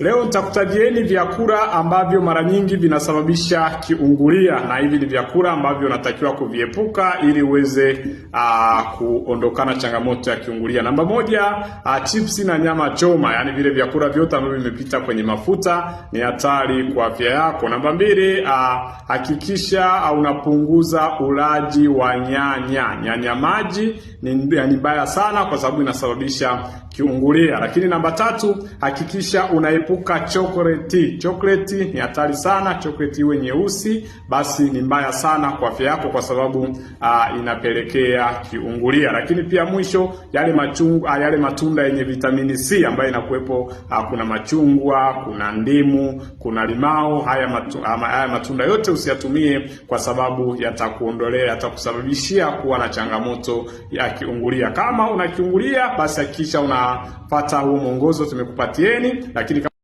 Leo nitakutajieni vyakula ambavyo mara nyingi vinasababisha kiungulia, na hivi ni vyakula ambavyo unatakiwa kuviepuka ili uweze uh, kuondokana changamoto ya kiungulia. Namba moja, uh, chipsi na nyama choma, yaani vile vyakula vyote ambavyo vimepita kwenye mafuta ni hatari kwa afya yako. Namba mbili, uh, hakikisha uh, unapunguza ulaji wa nyanya. Nyanya maji ni mbaya sana, kwa sababu inasababisha kiungulia. Lakini namba tatu, hakikisha una epuka chokoleti. Chokoleti ni hatari sana. Chokoleti iwe nyeusi, basi ni mbaya sana kwa afya yako, kwa sababu uh, inapelekea kiungulia. Lakini pia mwisho, yale machungwa, uh, yale matunda yenye vitamini C ambayo inakuwepo, uh, kuna machungwa, kuna ndimu, kuna limao. Haya, matunda, uh, haya matunda yote usiyatumie, kwa sababu yatakuondolea, yatakusababishia kuwa na changamoto ya kiungulia. Kama una kiungulia, basi hakikisha unapata huo mwongozo tumekupatieni, lakini